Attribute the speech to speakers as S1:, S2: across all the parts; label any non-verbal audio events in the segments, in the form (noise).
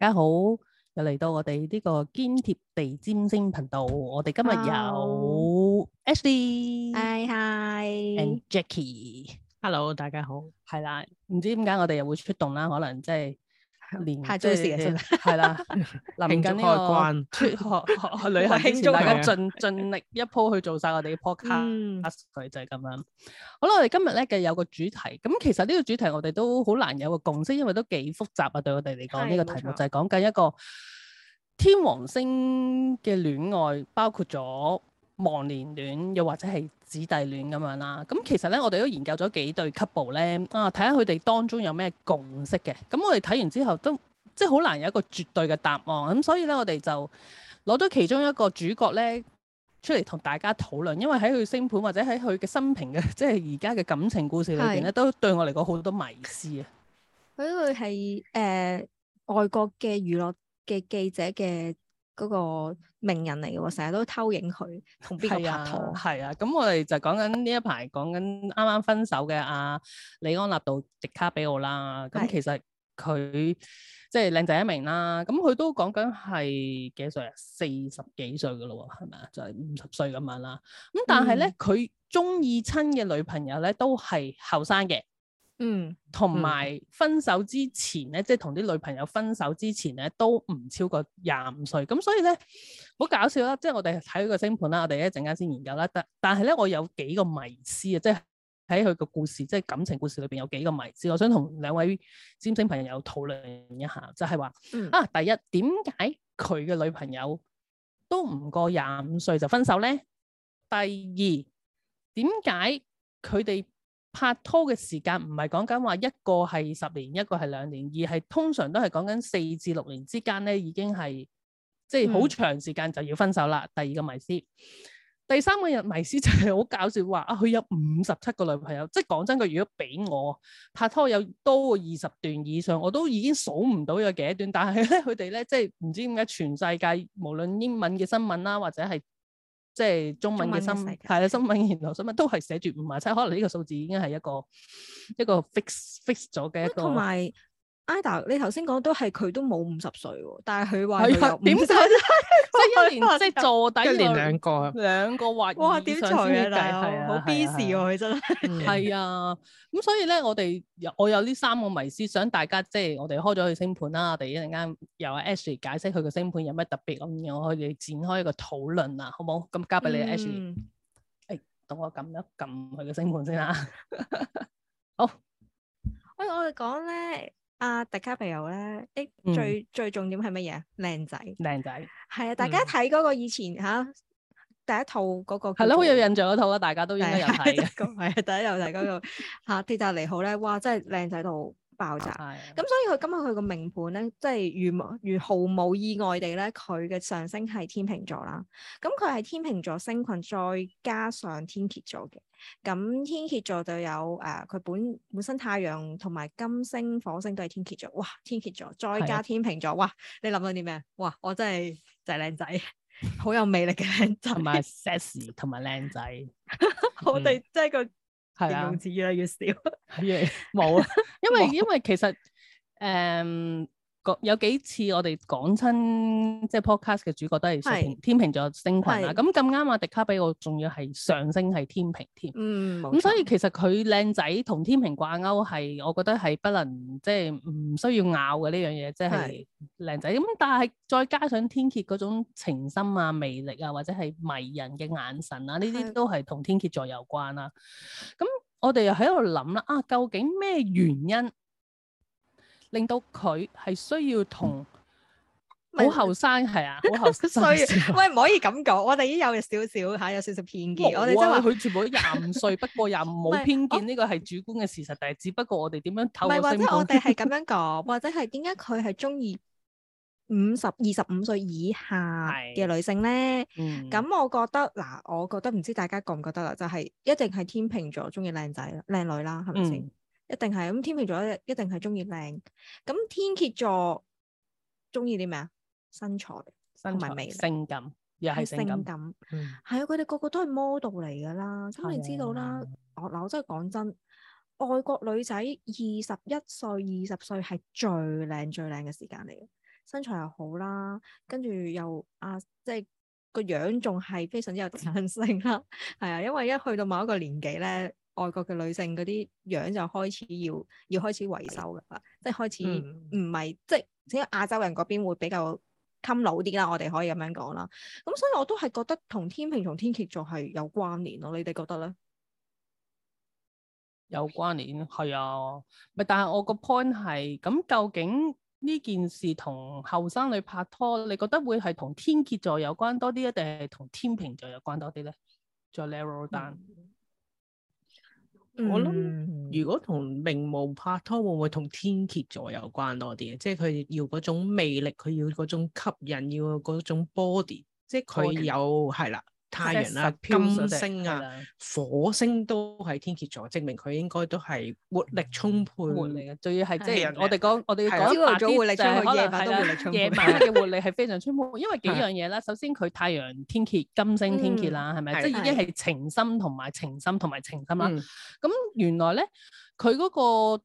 S1: 大家好，又嚟到我哋呢個堅貼地占星頻道。我哋今日有 Ashley，Hi Hi，and Jackie，hello，大家好，係啦，唔知點解我哋又會出動啦，可能即係。年，太準時啦，係啦 (laughs) 了，臨緊呢個關，出 (laughs) 學學旅行，盡盡 (laughs) 盡力一鋪去做晒我哋嘅 podcast，佢、嗯、就係咁樣。好啦，我哋今日咧就有個主題，咁其實呢個主題我哋都好難有個共識，因為都幾複雜啊。對我哋嚟講，呢的個題目就係講緊一個天王星嘅戀愛，包括咗忘年戀，又或者係。姐弟戀咁樣啦，咁其實咧，我哋都研究咗幾對 couple 咧，啊睇下佢哋當中有咩共識嘅。咁我哋睇完之後都即係好難有一個絕對嘅答案。咁所以咧，我哋就攞咗其中一個主角咧出嚟同大家討論，因為喺佢星盤或者喺佢嘅生平嘅，即係而家嘅感情故事裏邊咧，是都對我嚟講好多迷思啊。
S2: 佢佢係誒外國嘅娛樂嘅記者嘅。嗰個名人嚟嘅，成日都偷影佢同邊個拍拖。係
S1: 啊，咁、啊、我哋就講緊呢一排，講緊啱啱分手嘅阿、啊、里安納度迪卡比奧啦。咁其實佢是即係靚仔一名啦。咁佢都講緊係幾歲啊？四十幾歲噶咯，係咪啊？就係五十歲咁樣啦。咁、
S2: 嗯、但係咧，
S1: 佢中意親嘅女朋友咧，都係後生嘅。嗯，同埋分手之前咧，嗯、即係同啲女朋友分手之前咧，都唔超過廿五歲。咁所以咧，好搞笑啦，即係我哋睇佢個星盤啦，我哋一陣間先研究啦。但但係咧，我有幾個迷思，啊，即係喺佢個故事，即係感情故事裏邊有幾個迷思。我想同兩位占星朋友討論一下，就係、是、話、嗯、啊，第一點解佢嘅女朋友都唔過廿五歲就分手咧？第二點解佢哋？拍拖嘅時間唔係講緊話，一個係十年，一個係兩年，而係通常都係講緊四至六年之間咧，已經係即係好長時間就要分手啦。第二個迷思，第三個人迷思就係好搞笑，話啊佢有五十七個女朋友，即係講真，佢如果俾我拍拖有多過二十段以上，我都已經數唔到有幾多段。但係咧，佢哋咧即係唔知點解，全世界無論英文嘅新聞啦，或者係。即係中文嘅新聞，係啦，新聞然後新聞都係寫住五十七，可能呢個數字已經係一個一個 fix fix 咗嘅一個。
S2: Ada，你頭先講都係佢都冇五十歲，但係佢話佢點生即係
S1: 一年即係坐底一年兩個兩個孕哇！點財啊，好 b 事喎，佢真係係啊，咁所以咧，我哋我有呢三個迷思，想大家即係我哋開咗佢星盤啦，我哋一陣間由阿 Ashley 解釋佢個星盤有咩特別，咁我哋展開一個討論啦，好冇？咁交俾你
S2: ，Ashley，
S1: 誒，等我撳一撳佢嘅星盤先啦，
S2: 好？我我哋講咧。阿狄卡比奧咧，啲、啊欸嗯、最最重點係乜嘢？靚仔。靚仔。係啊，大家睇嗰個以前嚇、嗯啊、第一套嗰個係咯，好有印
S1: 象嗰套啊，大家都應該
S2: 有睇嘅。係啊，第一又就係嗰個嚇鐵達尼號咧，哇！真係靚仔到。爆炸，咁所以佢今日佢個名盤咧，即、就、係、是、如無如毫無意外地咧，佢嘅上升係天秤座啦。咁佢係天秤座星群再加上天蠍座嘅，咁天蠍座就有誒，佢、呃、本本身太陽同埋金星、火星都係天蠍座。哇，天蠍座再加天秤座，是的 哇！你諗到啲咩？哇！我真係就係靚仔，
S1: (laughs) 好有魅力嘅靚仔，同埋 sexy 同埋靚仔，
S2: 我哋即係個。
S1: 係啊，用字越嚟越少，冇，因為 (laughs) 因為其實誒。 (laughs) um 有幾次我哋講親即係 podcast 嘅主角都係天秤座星群啊，咁咁啱啊迪卡比我仲要係上升係天秤添，咁、嗯嗯、所以其實佢靚仔同天秤掛鈎係，我覺得係不能即係唔需要拗嘅呢樣嘢，即係靚仔。咁、嗯、但係再加上天蠍嗰種情深啊、魅力啊，或者係迷人嘅眼神啊，呢啲都係同天蠍座有關啦、啊。咁是我哋又喺度諗啦，啊究竟咩原因？令到佢係需要同好後生，係啊，好後生。衰，喂，
S2: 唔可以咁講。我哋已經有少少吓，有少少偏見。我哋真係佢
S1: 全部都廿五歲，不過又冇偏見，呢個係主觀嘅事實。但係只不過我哋點樣透過先判斷。唔係，或者我哋係咁樣
S2: 講，或者係點解佢係中意五十二十五歲以下嘅女性咧？咁我覺得嗱，我覺得唔知大家覺唔覺得啦，就係一定係天秤座中意靚仔、靚女啦，係咪先？一定係咁，天秤座一一定係中意靚。咁天蠍座中意啲咩啊？身材美、同埋魅力、性
S1: 感，又係性感。
S2: 係、嗯、啊，佢哋個個都係 model 嚟噶啦。咁你知道啦，的我,我真係講真，外國女仔二十一歲、二十歲係最靚、最靚嘅時間嚟嘅，身材又好啦，跟住又啊，即係個樣仲係非常之有彈性啦。係 (laughs) 啊，因為一去到某一個年紀咧。 (laughs) 外國嘅女性嗰啲樣就開始要要開始維修啦，即係開始唔係、嗯、即係，因亞洲人嗰邊會比較襟老啲啦，我哋可以咁樣講啦。咁所以我都係覺得同天秤同天蠍座係有關聯咯。你哋覺得咧？
S1: 有關聯？係啊，
S2: 咪但係我個 point
S1: 係咁，究竟呢件事同後生女拍拖，你覺得會係同天蠍座有關多啲，定係同天秤座有關多啲咧？再 narrow down。嗯我諗如果同名模拍拖，會唔會同天蠍座有關多啲？即係佢要嗰種魅力，佢要嗰種吸引，要嗰種 body，即係佢有係啦。 (noise) 太陽啦、金星啊、火星都喺天蠍座，證明佢應該都係活力充沛嚟嘅。仲要係即係我哋講，我哋講白咗活力充沛，夜晚都活力充沛。夜晚嘅活力係非常充沛，因為幾樣嘢啦。首先佢太陽天蠍、金星天蠍啦，係咪？即係已經係情深同埋情深同埋情深啦。咁原來咧，佢嗰個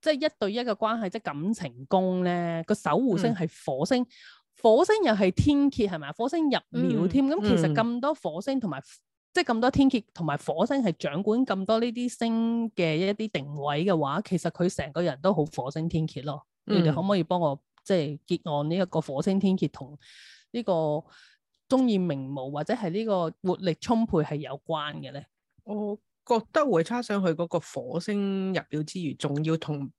S1: 即係一對一嘅關係，即係感情宮咧，個守護星係火星。火星又係天蠍，係咪火星入廟添，咁、嗯、其實咁多火星同埋、嗯、即係咁多天蠍同埋火星係掌管咁多呢啲星嘅一啲定位嘅話，其實佢成個人都好火星天蠍咯。嗯、你哋可唔可以幫我即係結案呢一個火星天蠍同呢個鍾意名模，或者係呢個活力充沛係有關嘅咧？我覺得會差上去嗰個火星入廟之餘，仲要同。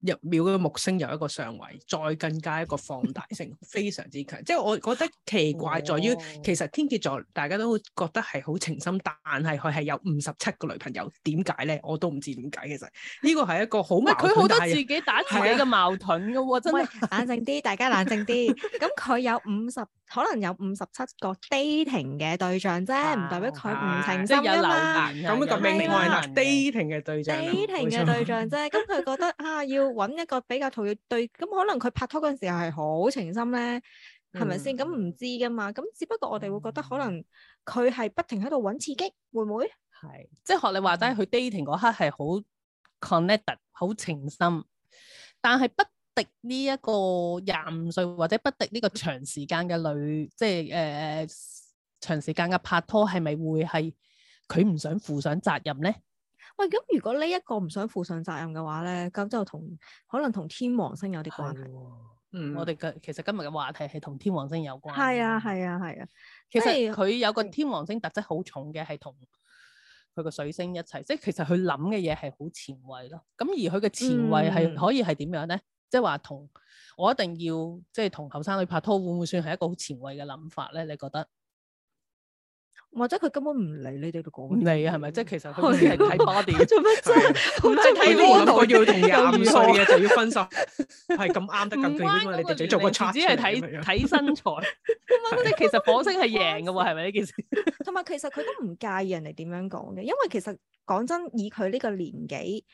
S1: 入廟嘅木星有一個上位，再更加一個放大性，非常之強。即係我覺得奇怪，在於其實天蠍座大家都會覺得係好情深，但係佢係有五十七個女朋友，點解咧？我都唔知點解。其實呢個係一個好矛盾嘅。佢好多自己打自己嘅
S2: 矛盾噶喎，真係冷靜啲，大家冷靜啲。咁佢有五十，可能有五十七個 dating 嘅對象啫，唔代表佢唔情深啊嘛。咁個命外
S1: dating 嘅對象，dating 嘅對
S2: 象啫。咁佢覺得啊，要。揾一個比較討要對，咁可能佢拍拖嗰陣時候係好情深咧，係咪先？咁唔知噶嘛，咁只不過我哋會覺得可能佢係不停喺度揾刺激，嗯、會唔會？
S1: 係是，即係學你話齋，佢 dating 嗰刻係好 connected，好情深，但係不敵呢一個廿五歲或者不敵呢個長時間嘅女，嗯、即係誒、呃、長時間嘅拍拖，係咪會係佢唔想負上
S2: 責任咧？喂，咁如果呢一個唔想負上責任嘅話咧，咁就同可能同天王星有啲關係。的嗯，
S1: 我哋嘅其實今日嘅話題係同天王星有關。係
S2: 啊，係啊，係啊。其實佢
S1: 有個天王星特質好重嘅係同佢個水星一齊，嗯、即係其實佢諗嘅嘢係好前衞咯。咁而佢嘅前衞係可以係點樣咧？嗯、即係話同我一定要即係同後生去拍拖，會唔會算係一個好前衞嘅諗法咧？你覺得？
S2: 或者佢根本唔理你哋嘅講，唔理啊，係咪？即係其實
S1: 佢哋係睇 body
S2: 做乜啫？唔係睇呢啲我要同廿五歲嘅就要分
S1: 手，係咁啱得咁啲咩？你哋只做個測，只係睇睇身材。同埋嗰啲其實火星係贏嘅喎，係咪呢件事？
S2: 同埋其實佢都唔介意人哋點樣講嘅，因為其實講真，以佢呢個年紀，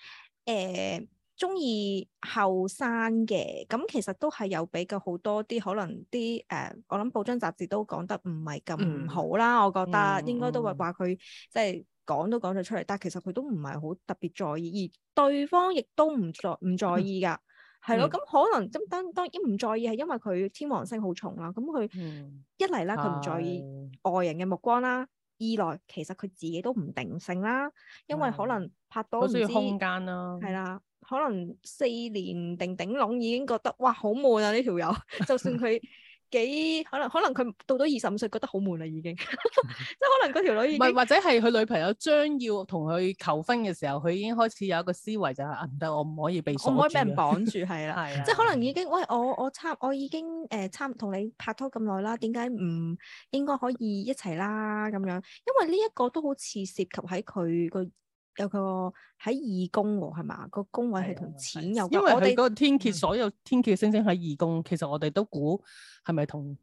S2: 誒。中意後生嘅咁，其實都係有比較好多啲可能啲誒、呃，我諗報章雜誌都講得唔係咁好啦。嗯、我覺得、嗯、應該都話話佢即係講都講咗出嚟，但係其實佢都唔係好特別在意，而對方亦都唔在唔在意㗎，係咯、嗯。咁可能咁當然唔在意係因為佢天王星好重啦。咁佢、嗯、一嚟咧，佢唔在意外人嘅目光啦；的二來其實佢自己都唔定性啦，因為可能拍多唔知、需要空間
S1: 啦、係啦。
S2: 可能四年定頂籠已經覺得哇好悶啊呢條友，這個、 (laughs) 就算佢幾可能，可能佢到咗二十五歲覺得好悶啦已經， (laughs) (laughs) 即係可能嗰條女已經，或者係佢女朋友將要
S1: 同佢求婚嘅時候，佢已經開始有一個思維就係、是、唔得，我唔可以被鎖住，唔可以俾人綁住
S2: 係啦，即係可能已經喂我我差我,我已經差唔同你拍拖咁耐啦，點解唔應該可以一齊啦咁樣？因為呢一個都好似涉及喺佢個。有個喺二宮喎，係嘛？個宮位係同錢有關，因為佢嗰個
S1: 天蠍，嗯、所有天蠍星星喺二宮，其實我哋都估係咪同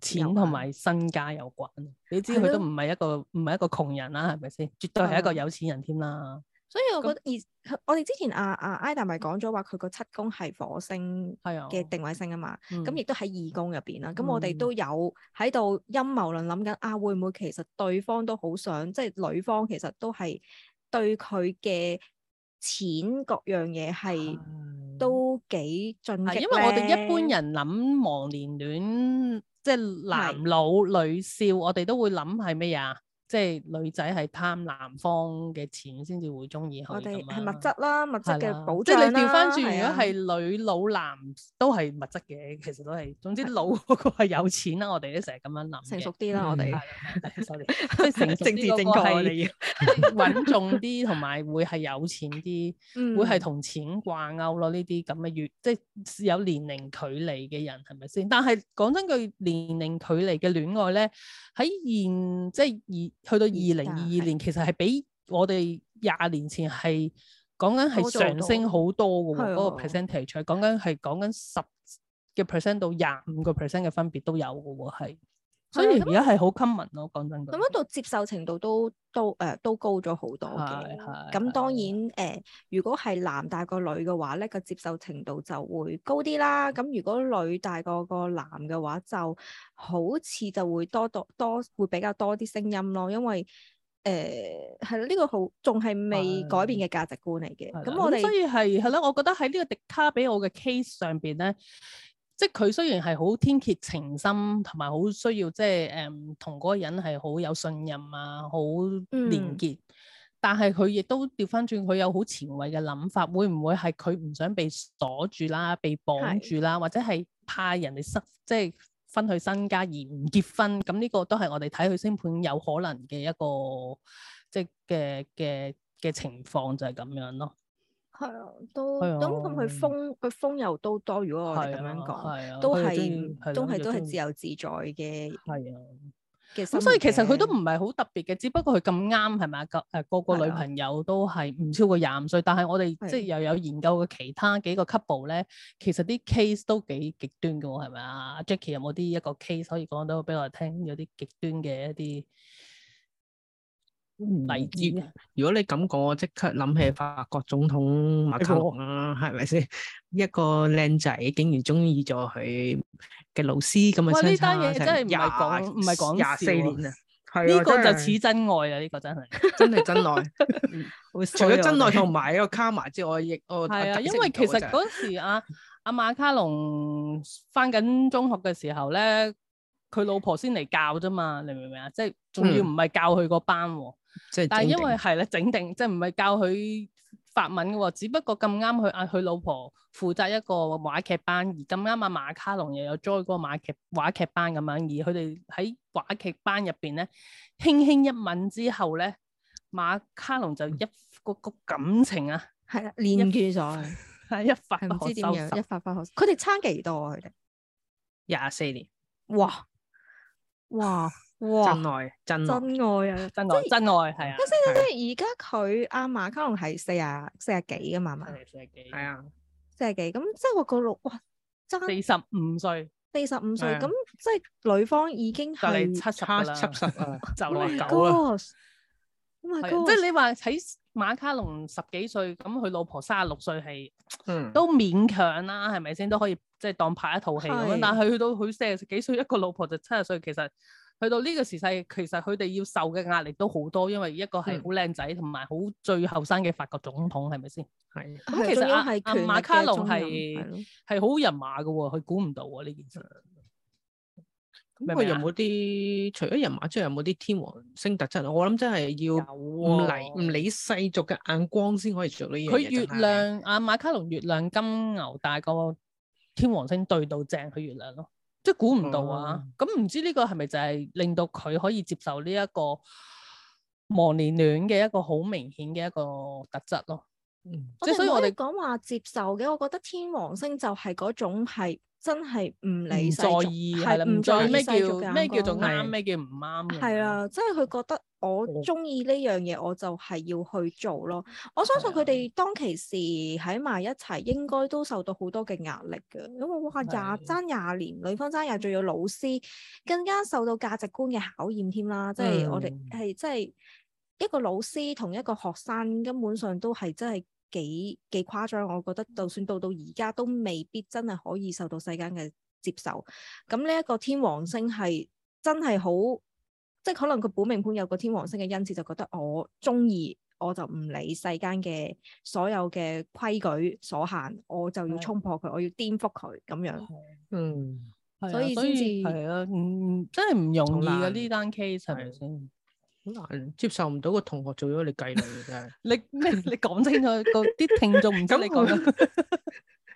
S1: 錢同埋身家有關？有啊、你知佢都唔係一個唔係的一個窮人啦、啊，係咪先？絕對係一個有錢人添啦。的
S2: 那所以我覺得二，我哋之前阿阿 ida 咪講咗話，佢、啊、個七宮係火星係嘅定位星啊嘛，咁亦、嗯、都喺二宮入邊啦。咁、嗯、我哋都有喺度陰謀論諗緊，啊會唔會其實對方都好想，即係女方其實都係。對佢嘅錢各樣嘢係、嗯、都幾進擊，因為我哋一般人
S1: 諗忘年戀，即係、嗯、男老女少，的我哋都會諗係咩嘢呀？即係女仔係貪男方嘅錢先至會中意，我哋係物
S2: 質啦，物質嘅保障的，即係你調翻轉，的如果係女
S1: 老男，都係物質嘅，其實都係。總之老嗰個係有錢的啦，嗯、我哋都成日咁樣諗。成熟啲啦， (laughs) 我哋。係，係，係。
S2: sorry，成政治正確啊。
S1: 穩重啲同埋會係有錢啲， (laughs) 會係同錢掛鈎咯。呢啲咁嘅越即係有年齡距離嘅人係咪先？但係講真句，年齡距離嘅戀愛咧，喺現即係而。去到二零二二年，其實係比我哋廿年前係講緊係上升好多嘅喎，嗰個 percentage，講緊係講緊十嘅 percent 到廿五個 percent 嘅分別都有嘅喎，係。所以而家係好 common 咯，講樣真。
S2: 咁嗰度接受程度都都誒、呃、都高咗好多嘅。咁是當然誒、呃，如果係男大過女嘅話咧，個接受程度就會高啲啦。咁的如果女大過個男嘅話，就好似就會多多多會比較多啲聲音咯。因為誒係啦，呢、呃呢個好仲係未改變嘅價值觀嚟嘅。咁的我哋所以
S1: 係係啦，我覺得喺呢個迪卡俾我嘅 case 上邊咧。即係佢雖然係好天蠍情深，同埋好需要即係誒，同、嗯、嗰個人係好有信任啊，好連結。嗯、但係佢亦都調翻轉，佢有好前衛嘅諗法。會唔會係佢唔想被鎖住啦，被綁住啦，是或者係怕人哋失即係分去身家而唔結婚？咁呢個都係我哋睇佢星盤有可能嘅一個即係嘅嘅嘅情況，就係咁樣咯。
S2: 係啊，都咁咁佢風佢風又都多，如果我哋咁樣講，哎、呦都係是都係是都係自由自在嘅。係啊、哎呦，其
S1: 實咁所以其實佢都唔係好特別嘅，只不過佢咁啱係咪？個誒個個女朋友都係唔超過廿五歲，哎、呦但係我哋、哎、呦即係又有研究嘅其他幾個 couple 咧，其實啲 case 都幾極端嘅喎，係咪啊？Jackie 有冇啲一,一個 case 可以講到俾我哋聽，有啲極端嘅一啲？例子，如果你咁講，我即刻諗起法國總統馬卡龍啦，係咪先一個靚仔竟然中意咗佢嘅老師咁啊？哇！呢單嘢真係唔係講唔係講廿四年啊！係呢個就似真愛啊！呢、這個真係 (laughs) 真係真愛。 (laughs) (laughs) 除咗真愛同埋一個卡瑪之外，亦係 (laughs) 啊，因為其實嗰時阿、啊、阿、啊、馬卡龍翻緊中學嘅時候咧，佢老婆先嚟教啫嘛，你明唔明、就是、啊？即係仲要唔係教佢個班。但係因為係咧整定，即係唔係教佢法文嘅喎，只不過咁啱佢嗌佢老婆負責一個話劇班，而咁啱啊馬卡龍又有 join 個話劇話劇班咁樣，而佢哋喺話劇班入邊咧輕輕一吻之後咧，馬卡龍就一嗰、那個那個感情啊係啦，連住咗係一
S2: 發不可收拾，一發學不可，佢哋差幾多啊？佢哋廿四年哇哇。嘩嘩真愛，真愛啊，真真愛係啊！即係即係，而家佢阿馬卡龍係四啊四啊幾噶嘛，嘛四啊幾係啊四十幾咁，即係個個老哇爭四
S1: 十五歲，
S2: 四十五歲咁即係女方已經係七十啦，就六九啊！My God！即係你話
S1: 喺馬卡龍十幾歲咁，佢老婆卅六歲係都勉強啦，係咪先都可以即係當拍一套戲咁？但係去到佢四十幾歲，一個老婆就七十歲，其實。去到呢個時勢，其實佢哋要受嘅壓力都好多，因為一個係好靚仔，同埋好最後生嘅法國總統，係咪先？係咁、啊，其實阿、啊、阿、啊、馬卡龍係係好人馬㗎喎、哦，佢估唔到啊、哦、呢件事。咁佢、嗯、麼有冇啲？除咗人馬之外，有冇啲天王星特質？我諗真係要唔理唔、哦、理世俗嘅眼光先可以做到呢樣嘢。佢月亮啊，馬卡龍月亮金牛，但係個天王星對到正佢月亮咯。即估唔到啊！咁唔、嗯嗯、知呢個係咪就係令到佢可以接受呢一個忘年戀嘅一個好明顯嘅一個特質咯？嗯，即
S2: 係我們 所以我哋講話接受嘅，我覺得天王星就係嗰種係。真係唔理在意，係啦，唔在意咩叫咩叫做啱，咩叫
S1: 唔啱嘅。
S2: 係啊，即係佢覺得我中意呢樣嘢，哦、我就係要去做咯。我相信佢哋當其時喺埋一齊，應該都受到好多嘅壓力嘅，因為哇廿爭廿年，女方爭廿仲要老師，更加受到價值觀嘅考驗添啦。即係我哋係即係一個老師同一個學生，根本上都係真係。幾幾誇張，我覺得就算到到而家都未必真係可以受到世間嘅接受。咁呢一個天王星係真係好，即係可能佢本命盤有個天王星嘅因子，就覺得我中意我就唔理世間嘅所有嘅規矩所限，我就要衝破佢，我要顛覆佢咁樣。嗯，
S1: 以嗯，所以先至係啊，唔、嗯嗯、真係唔容易嘅呢單 case 係咪先。好難接受唔到，個同學做咗你繼女嘅真係，你你你講清楚個啲聽眾唔中意講。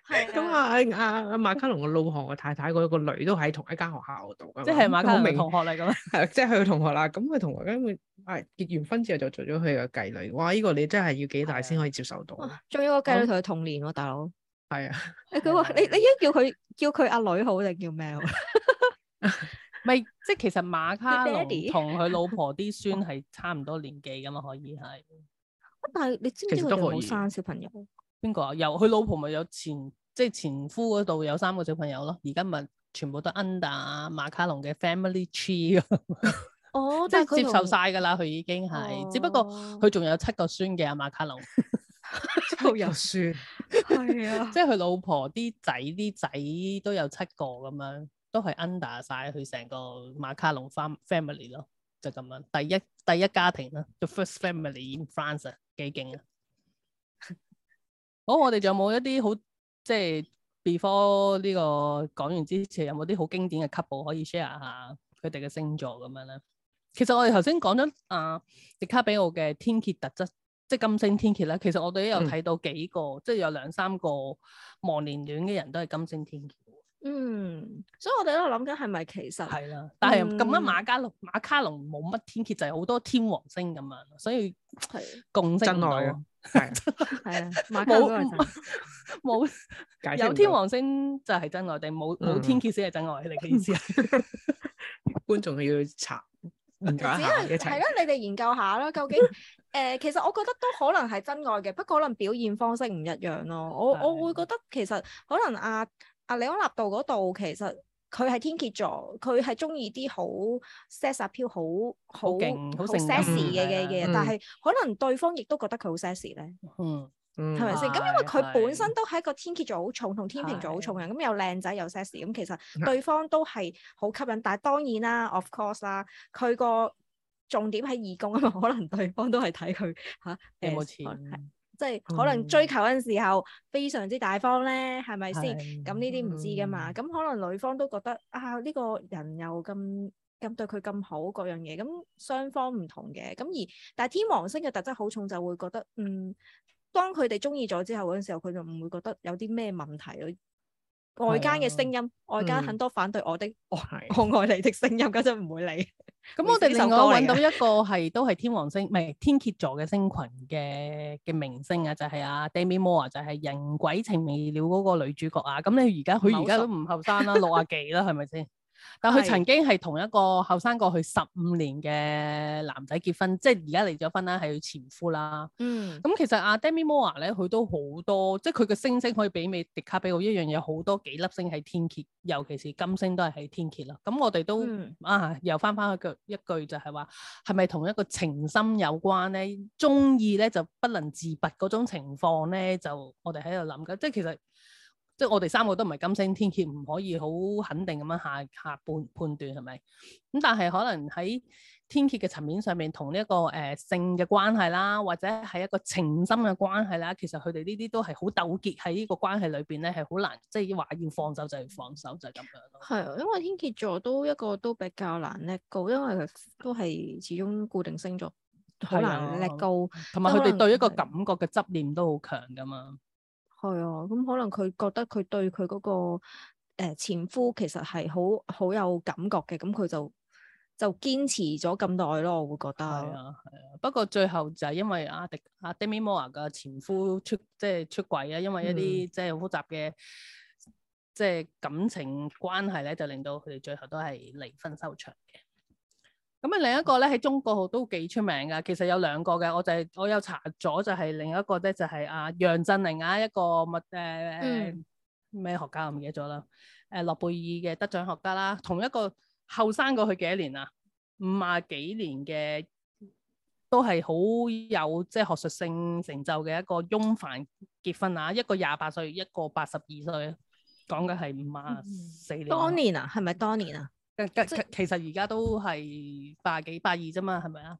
S1: 係咁啊，阿阿馬卡龍個老漢個太太個個女都喺同一間學校度，即係馬卡龍同學嚟噶，係即係佢同學啦。咁佢同學跟住係結完婚之後就做咗佢個繼女。哇，呢，這
S2: 個你真係要幾大先可以接受到？仲， (laughs) 啊，有個繼女同佢同年喎，大佬。係啊，你佢話你你依家叫佢叫佢阿女好定叫咩好？咪即係其
S1: 實馬卡龍同佢老婆啲孫係差唔多年紀㗎嘛，可以係。
S2: 但係你知唔知佢有冇生小朋友？
S1: 邊個啊？由佢老婆咪有前即係、就是、前夫嗰度有三個小朋友咯，而家咪全部都 under 馬卡龍嘅 family tree。哦，即係接受晒㗎啦，佢已經係。Oh. 只不過佢仲有七個孫嘅阿馬卡龍， (laughs) (laughs) 好有孫係 (laughs) (laughs) 啊！ (laughs) 即係佢老婆啲仔啲仔都有七個咁樣。都係 under 晒佢成個馬卡龍 family 咯，就咁樣。第一第一家庭啦，the first family in France 幾勁啊！好，我哋仲有冇一啲好即係 before 呢、這個講完之前有冇啲好經典嘅 couple 可以 share 下佢哋嘅星座咁樣咧？其實我哋頭先講咗啊，迪卡比奧嘅天蠍特質，即係金星天蠍咧。其實我哋都有睇到幾個，嗯、即係有兩三個忘年戀嘅人都係金星天蠍。
S2: 嗯，所以我哋都諗緊係咪其實係啦，但係咁樣馬
S1: 加龍馬卡龍冇乜天蠍，就係好多天王星咁樣，所以係共生真愛係係啊，冇冇有天王星就係真愛，定冇冇天蠍先係真愛？你嘅意思啊？觀眾要查唔究下一啦，
S2: 你哋研究下啦，究竟誒，其實我覺得都可能係真愛嘅，不過可能表現方式唔一樣咯。我我會覺得其實可能阿。阿里安納度嗰度，其實佢係天蠍座，佢係中意啲好 sexy、好好好 sexy 嘅嘅嘅，嗯、但係可能對方亦都覺得佢好 sexy 咧。嗯，係咪先？咁因為佢本身都係一個天蠍座好重同天秤座好重嘅，咁的又靚仔又 sexy，咁其實對方都係好吸引。但係當然啦，of course 啦，佢個重點係義工啊嘛，可能對方都係睇佢吓有冇錢。即係可能追求嗰陣時候非常之大方咧，係咪先？咁呢啲唔知噶嘛。咁、嗯、可能女方都覺得啊呢、呢個人又咁咁對佢咁好，各樣嘢咁雙方唔同嘅。咁而但係天王星嘅特質好重，就會覺得嗯，當佢哋中意咗之後嗰陣時候，佢就唔會覺得有啲咩問題咯。外間嘅聲音，啊、外間很多反對我的，嗯哦、我愛你的聲音，嗰陣唔會理會。咁我哋另外揾到一
S1: 個係都係天王星，唔係 (laughs) 天蠍座嘅星群嘅嘅明星啊，就係啊 Demi Moore 啊，就係人鬼情未了嗰個女主角啊。咁你而家佢而家都唔後生啦，六啊幾啦，係咪先？但佢曾經係同一個後生過去十五年嘅男仔結婚，的即係而家離咗婚啦，係佢前夫啦。嗯，咁、嗯、其實阿、啊、Demi Moore 咧，佢都好多，即係佢嘅星星可以媲美迪卡比奧一樣嘢，好多幾粒星喺天蠍，尤其是金星都係喺天蠍啦。咁、嗯、我哋都啊，又翻翻去句一句就係話，係咪同一個情深有關咧？中意咧就不能自拔嗰種情況咧，就我哋喺度諗緊，即係其實。即係我哋三個都唔係金星天蠍，唔可以好肯定咁樣下下判判斷係咪？咁但係可能喺天蠍嘅層面上面，同呢一個誒、呃、性嘅關係啦，或者係一個情深嘅關係啦，其實佢哋呢啲都係好糾結喺呢個關係裏邊咧，係好難即係話要放手就係放手就係、是、咁樣
S2: 咯。係啊，因為天蠍座都一個都比較難叻高，因為佢都係始終固定星座，好難叻高。同埋佢哋對一個
S1: 感覺嘅執念都好強噶嘛。
S2: 係啊，咁、嗯、可能佢覺得佢對佢嗰、那個、呃、前夫其實係好好有感覺嘅，咁、嗯、佢就就堅持咗咁耐咯。我會覺得係啊，係啊。不過最後就係因為阿、啊、迪
S1: 阿 Demi Moore 嘅前夫出即係出軌啊，因為一啲、嗯、即係好複雜嘅即係感情關係咧，就令到佢哋最後都係離婚收場嘅。咁啊，另一個咧喺中國號都幾出名㗎。其實有兩個嘅，我就係、是、我有查咗，就係另一個咧，就係、是、啊楊振寧啊，一個物誒咩學家，唔記得咗啦。誒、呃、諾貝爾嘅得獎學家啦，同一個後生過去幾年多年啊？五啊幾年嘅，都係好有即係、就是、學術性成就嘅一個翁帆。結婚啊！一個廿八歲，一個八十二歲，講嘅係五啊四年。嗯、當年啊，係咪當年啊？其實而家都係百幾百二啫嘛，係咪啊？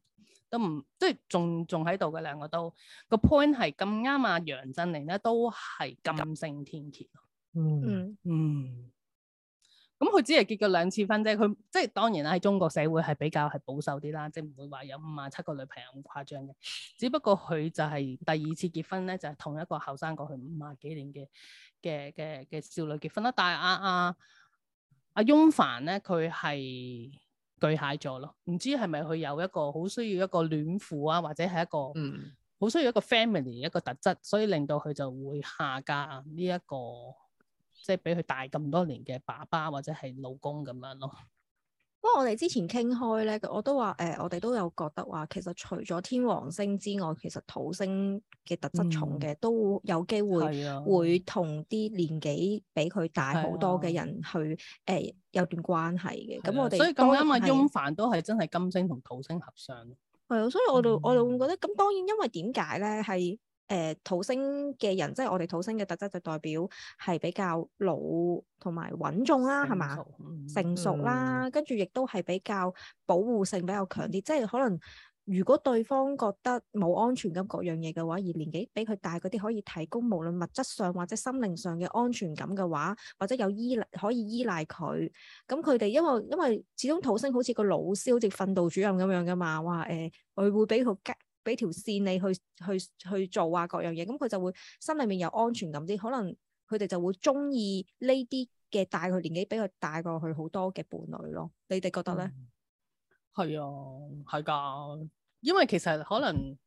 S1: 都唔即係仲仲喺度嘅，兩個都個 point 係咁啱啊！楊振寧咧都係金星天蠍。咯。嗯嗯，咁佢，嗯嗯、只係結過兩次婚啫。佢即係當然啦，喺中國社會係比較係保守啲啦，即係唔會話有五十七個女朋友咁誇張嘅。只不過佢就係第二次結婚咧，就係、是、同一個後生過去五十幾年嘅嘅嘅嘅少女結婚啦。但係阿阿。啊啊阿翁凡咧，佢係巨蟹座咯，唔知係咪佢有一個好需要一個戀父啊，或者係一個好需要一個 family 一個特質，所以令到佢就會下嫁呢、這、一個即係俾佢大咁多年嘅爸爸或者係老公咁樣咯。
S2: 不過我哋之前傾開咧，我都話誒、呃，我哋都有覺得話，其實除咗天王星之外，其實土星嘅特質重嘅、嗯、都有機會會同啲年紀比佢大好多嘅人去誒、嗯呃、有段關係嘅。咁、嗯、我哋所以咁，因為翁帆都係真係金星同土星合相。係啊、嗯，所以我就我就會覺得咁，當然因為點解咧係？誒、欸、土星嘅人，即係我哋土星嘅特質就代表係比較老同埋穩重啦、啊，係嘛？成熟啦，跟住亦都係比較保護性比較強啲，嗯、即係可能如果對方覺得冇安全感各樣嘢嘅話，而年紀比佢大嗰啲可以提供無論物質上或者心靈上嘅安全感嘅話，或者有依賴可以依賴佢，咁佢哋因為因為始終土星好似個老師，好似訓導主任咁樣嘅嘛，話誒佢會俾佢俾條線你去去去做啊，各樣嘢咁，佢就會心裏面有安全感啲。可能佢哋就會中意呢啲嘅大佢年紀比佢大過佢好多嘅伴侶咯。你哋覺得咧？係、
S1: 嗯、啊，係噶，因為其實可能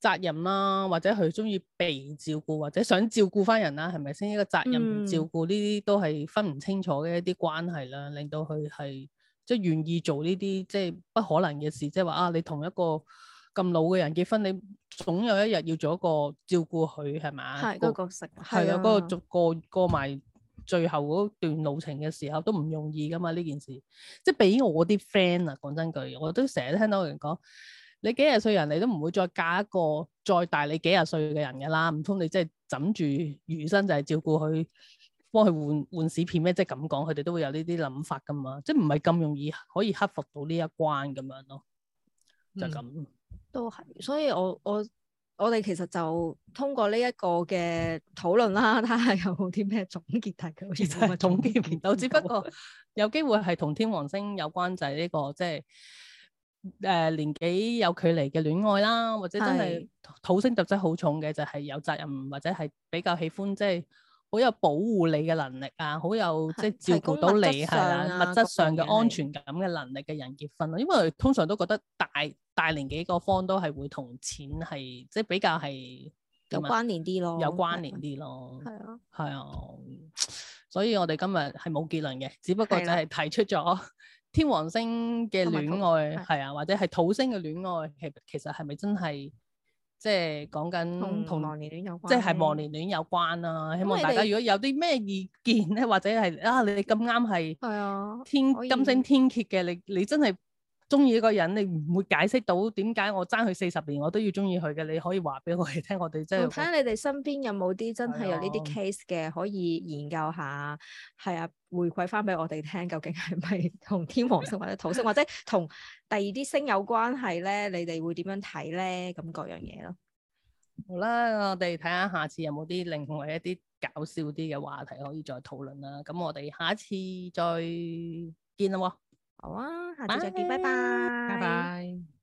S1: 責任啦、啊，或者佢中意被照顧，或者想照顧翻人啦、啊，係咪先？一個責任照顧呢啲都係分唔清楚嘅一啲關係啦，嗯、令到佢係即係願意做呢啲即係不可能嘅事，即係話啊，你同一個。咁老嘅人結婚，你總有一日要做一個照顧佢係咪？個角
S2: 色係啦，嗰個逐
S1: 個過埋最後嗰段路程嘅時候都唔容易㗎嘛。呢件事即係俾我啲 friend 啊，講真句，我都成日聽到人講，你幾廿歲人，你都唔會再嫁一個再大你幾廿歲嘅人㗎啦。唔通你即係枕住餘生就係照顧佢，幫佢換換屎片咩？即係咁講，佢哋都會有呢啲諗法㗎嘛。即係唔係咁容易可以克服到呢一關咁樣咯。就
S2: 咁、係。嗯。都係，所以我我我哋其實就通過呢一個嘅討論啦，睇下有冇啲咩總結，但係好似冇乜總
S1: 結到，只不過有機會係同天王星有關就係呢個即係誒年紀有距離嘅戀愛啦，或者真係土星特質好重嘅，是就係有責任或者係比較喜歡即係。就是好有保護你嘅能力啊！好有即係照顧到你係啊，啊，物質上嘅安全感嘅能力嘅人結婚咯。因，因為通常都覺得大大年紀個方都係會同錢係即係比較係有關連啲咯，有關連啲咯。係啊，係啊，所以我哋今日係冇結論嘅，只不過就係提出咗 (laughs) 天王星嘅戀愛係啊，啊，或者係土星嘅戀愛，其其實係咪真係？即係講緊同忘年戀有關，即係忘年戀有關啦。希望大家如果有啲咩意見咧，或者係啊，你哋咁啱係
S2: 天、嗯、金星
S1: 天蠍嘅以，你你真係～中意一個人，你唔會解釋到點解我爭佢四十年，我都要中意佢嘅。你可以話俾我哋聽，我哋真係睇下
S2: 你哋身邊有冇啲真係有呢啲 case 嘅，哎、呀可以研究下，係啊回饋翻俾我哋聽，究竟係咪同天王星或者土星， (laughs) 或者同第二啲星有關係咧？你哋會點樣睇咧？咁各樣嘢咯。
S1: 好啦，我哋睇下下次有冇啲另外一啲搞笑啲嘅話題可以再討論啦。咁我哋下一次再見啦。好啊，下次再見，拜拜。拜拜。